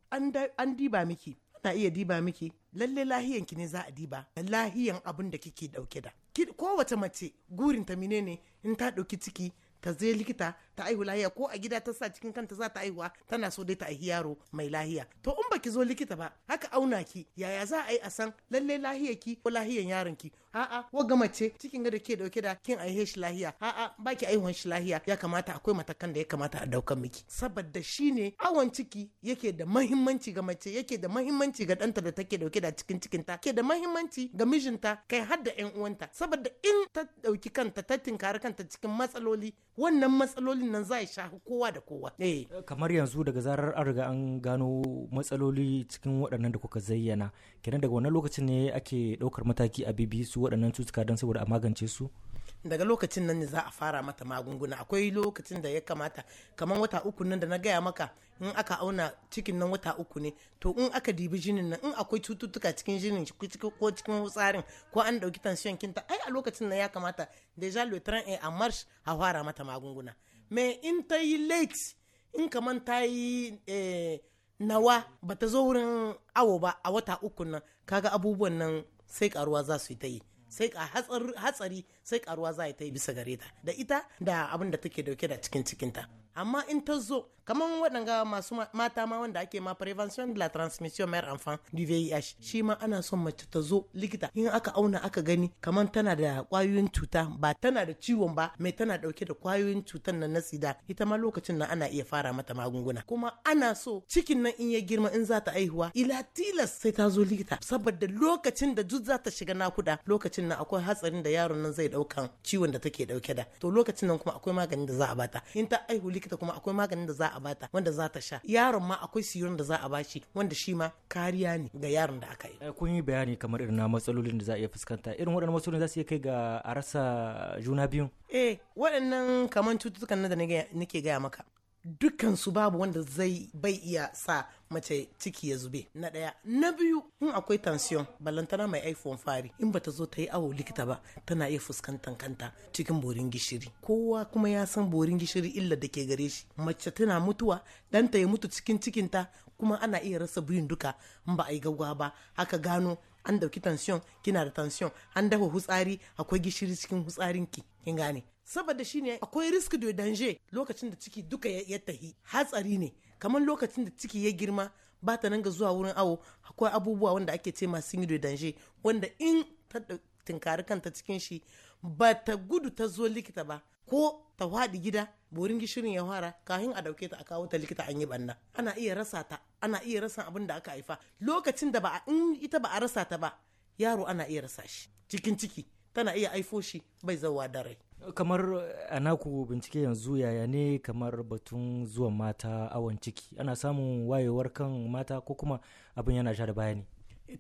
an diba miki ana iya diba miki lalle lahiyan ki ne za a diba da lahiyan abin da kike dauke da kowace mace gurin ta ne in ta dauki ciki ta je likita ta aihu lahiya ko a gida ta sa cikin kanta za ta aihuwa tana so dai ta aihi yaro mai lahiya to in baki zo likita ba haka auna ki yaya za a yi a san lalle lahiyar ki ko lahiyan yaron ki a'a gama mace cikin gada da ke dauke da kin aihe shi lahiya a'a baki aihuwan shi lahiya ya kamata akwai matakan da ya kamata a daukan miki saboda shine awon ciki yake da mahimmanci ga mace yake da mahimmanci ga danta da take dauke da cikin cikinta ke da mahimmanci ga mijinta kai har da yan uwanta saboda in ta dauki kanta ta tinkari kanta cikin matsaloli wannan matsaloli. din nan za ya shafi kowa da kowa eh. kamar yanzu daga zarar an riga an gano matsaloli cikin waɗannan da kuka zayyana kenan daga wannan lokacin ne ake ɗaukar mataki a bibi su waɗannan cutuka don saboda a magance su daga lokacin nan ne za a fara mata magunguna akwai lokacin da ya kamata kamar wata uku nan da na gaya maka in aka auna cikin nan wata uku ne to in aka dibi jinin nan in akwai cututtuka cikin jinin ko cikin tsarin ko an dauki tansiyon kinta ai a lokacin nan ya kamata deja le train a march a fara mata magunguna me in ta yi late in kaman ta yi eh, nawa ba ta zo wurin awo ba a wata uku nan kaga abubuwan nan sai karuwa za su yi ta yi sai ka hatsari sai karuwa za yi ta yi bisa gare ta da ita da abin da take dauke da cikin cikinta amma in ta zo kamar waɗanga masu mata ma wanda ake ma prevention de la transmission mère enfant du VIH shi ma ana son mace ta zo likita in aka auna aka gani kamar tana da kwayoyin cuta ba tana da ciwon ba mai tana dauke da kwayoyin cutan nan na sida ita ma lokacin nan ana iya fara mata magunguna kuma ana so cikin nan in ya girma in za ta aihuwa ila tilas sai ta zo likita saboda lokacin da duk za ta shiga nakuda lokacin nan akwai hatsarin da yaron nan zai daukan ciwon da take dauke da to lokacin nan kuma akwai maganin da za a bata in ta aihu likita kuma akwai maganin da za a bata wanda za ta sha yaron ma akwai siyurin da za a bashi wanda shi ma kariya ne ga yaron da aka yi eh, kun yi bayani kamar irin na matsalolin da za a iya fuskanta irin waɗannan matsalolin za su iya kai ga a rasa juna biyu eh waɗannan kamar cututtukan da nake gaya maka dukansu babu wanda zai bai iya sa mace ciki ya zube na ɗaya na biyu in akwai tansiyon balantana mai iphone fari in bata zo ta yi awo likita ba tana iya fuskantar kanta cikin borin gishiri kowa kuma ya san borin gishiri illa da ke gare shi mace tana mutuwa ta ya mutu cikin cikinta kuma ana iya rasa biyun duka in ba a yi gaggawa ba haka gano an dauki tansiyon kina da tansiyon an dafa hutsari akwai gishiri cikin hutsarinki kin gane saboda shine akwai risk da danje lokacin da ciki duka ya tahi hatsari ne kamar lokacin da ciki ya girma ba ta nan ga zuwa wurin awo akwai abubuwa wanda ake ce masu yi danger wanda in ta tinkari kanta cikin shi ba ta gudu ta zo likita ba ko ta faɗi gida borin gishirin ya fara kafin a dauke ta a kawo ta likita an yi banna ana iya rasa ta ana iya rasa abin da aka haifa lokacin da ba in ita ba a rasa ta ba yaro ana iya rasa shi cikin ciki tana iya aifo shi bai zauwa da rai kamar a naku bincike yanzu yaya ne kamar batun zuwan mata awon ciki ana samun wayewar kan mata ko kuma abin yana sha da bayani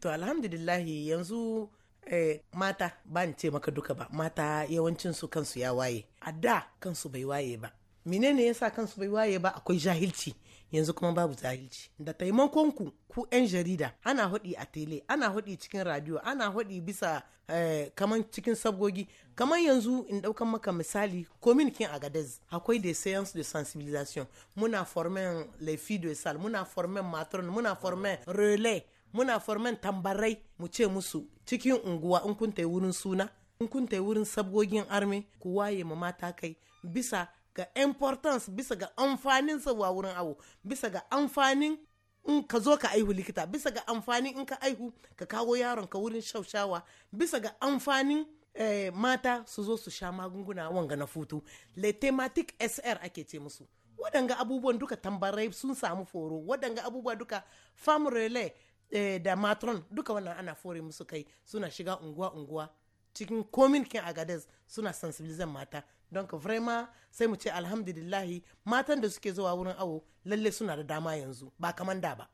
to alhamdulillahi yanzu eh, mata ba ni ce maka duka ba mata yawancin su kansu ya waye a da kansu bai waye ba menene yasa kansu bai waye ba akwai jahilci yanzu kuma babu zahilci da taimakon ku ku 'yan jarida ana hudi a tele ana hudi cikin radio ana hudi bisa eh, kaman cikin sabgogi kamar yanzu in daukan maka misali kominikin agadez akwai da séance de sensibilisation muna formen les filles de muna formen matron muna formen relais muna formen tambarai mu ce musu cikin unguwa in kun wurin suna in kun wurin sabgogin arme ku waye ma mata kai bisa ga importance bisa ga amfanin wa wurin awo bisa ga amfanin in ka zo ka aihu likita bisa ga amfanin in ka aihu ka kawo yaron ka wurin shaushawa bisa ga amfanin eh, mata su zo su sha magunguna wanga na futu le thematic sr ake ce musu waɗanga abubuwan duka tambarai sun samu foro waɗanga abubuwa duka farm relay eh, da matron duka wannan ana fore musu kai suna shiga unguwa unguwa cikin komin kin agades suna sensibilizan mata don ka vraiment sai mu ce alhamdulillahi matan da suke zuwa wurin awo lalle suna da dama yanzu ba kaman da ba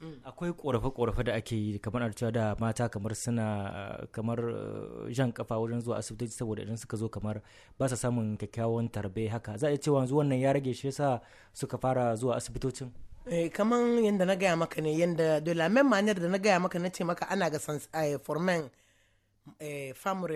mm. akwai korafe-korafe da ake yi kamar a da mata kamar suna kamar eh, jan kafa wajen zuwa asibitoci saboda idan suka zo kamar ba sa samun kyakkyawan tarbe haka za a cewa wannan ya rage shi yasa suka fara zuwa asibitocin eh, kamar yadda na gaya maka ne yadda dole a da na gaya maka na ce maka ana ga eh, formen eh, femme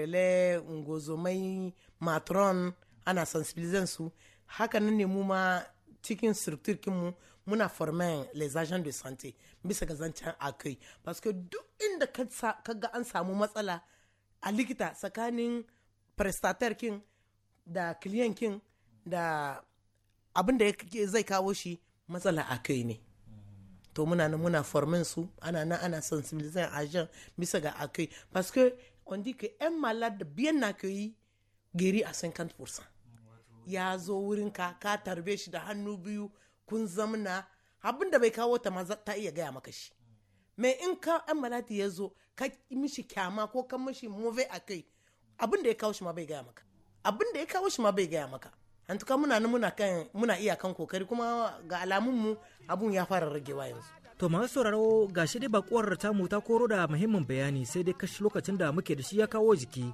ungozomai matron ana sensibilizan su haka nan ne mu ma cikin structure mu muna formen les agents de santé bisa ga zancen akai parce que duk inda ka ga an samu matsala a likita tsakanin prestataire kin da client kin da abin da zai kawo shi matsala akai ne to muna nan muna formen su ana nan ana sensibilizan agent bisa ga akai parce que on dit que yan malade biyan na ke yi gari a 50% ya zo wurin ka ka tarbe shi da hannu biyu kun zamna abin da bai kawo ta ma ta iya gaya maka shi mai in ka yan malati ya zo ka mishi kyama ko ka mishi move a kai abin da ya kawo shi ma bai gaya maka abin da ya kawo shi ma bai gaya maka an tuka muna nan muna kan muna iya kan kokari kuma ga alamun mu abun ya fara ragewa yanzu To masu sauraro ga shi dai bakuwar tamu ta koro da muhimmin bayani sai dai kashi lokacin da muke da shi ya kawo jiki.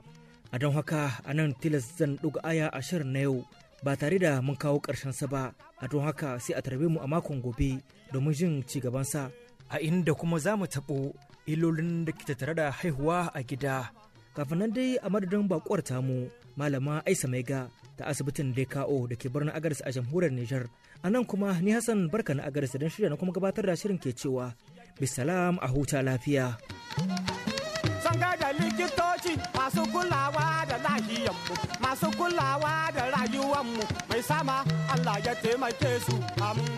A don haka a nan tilas zan ɗuga aya a shirin na yau ba tare da mun kawo ƙarshen sa ba a don haka sai a tarbe mu a makon gobe domin jin ci gaban sa. A inda kuma za mu taɓo ilolin da ke tattare da haihuwa a gida. Kafin nan dai a madadin bakuwar tamu malama Aisa Maiga ta asibitin DKO da ke birnin Agadis a jamhuriyar Nijar a nan kuma ni hassan barka na agar da shirya na kuma gabatar da shirin ke cewa bisalam a huta lafiya san da likitoci masu kulawa da lahiyanmu masu kulawa da rayuwanmu mai sama allah ya taimake su amin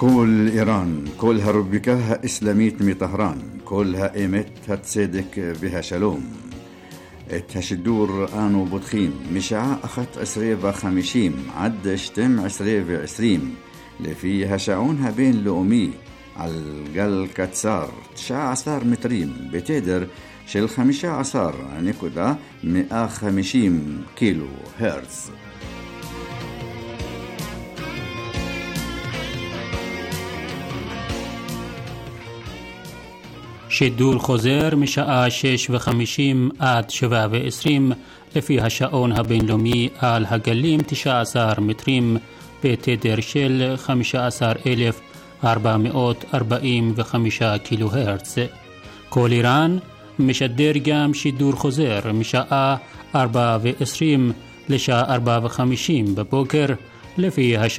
كل إيران كل هربكها إسلاميت مي طهران كل إيمت هتصدق بها شلوم الدور آنو بدخيم مشاع أخت أسرية وخمشيم عد شتم أسرية وعسريم لفي هشعون بين لومي على الجل كتسار تشاع أسار متريم بتدر شل خمشة عصار نقدا مئة خمشيم كيلو هرتز שידור חוזר משעה 6:50 עד 7:20 לפי השעון הבינלאומי על הגלים 19 מטרים בתדר של 15,445 קילו הרץ. כל איראן משדר גם שידור חוזר משעה 4:20 לשעה 4:50 בבוקר לפי השעון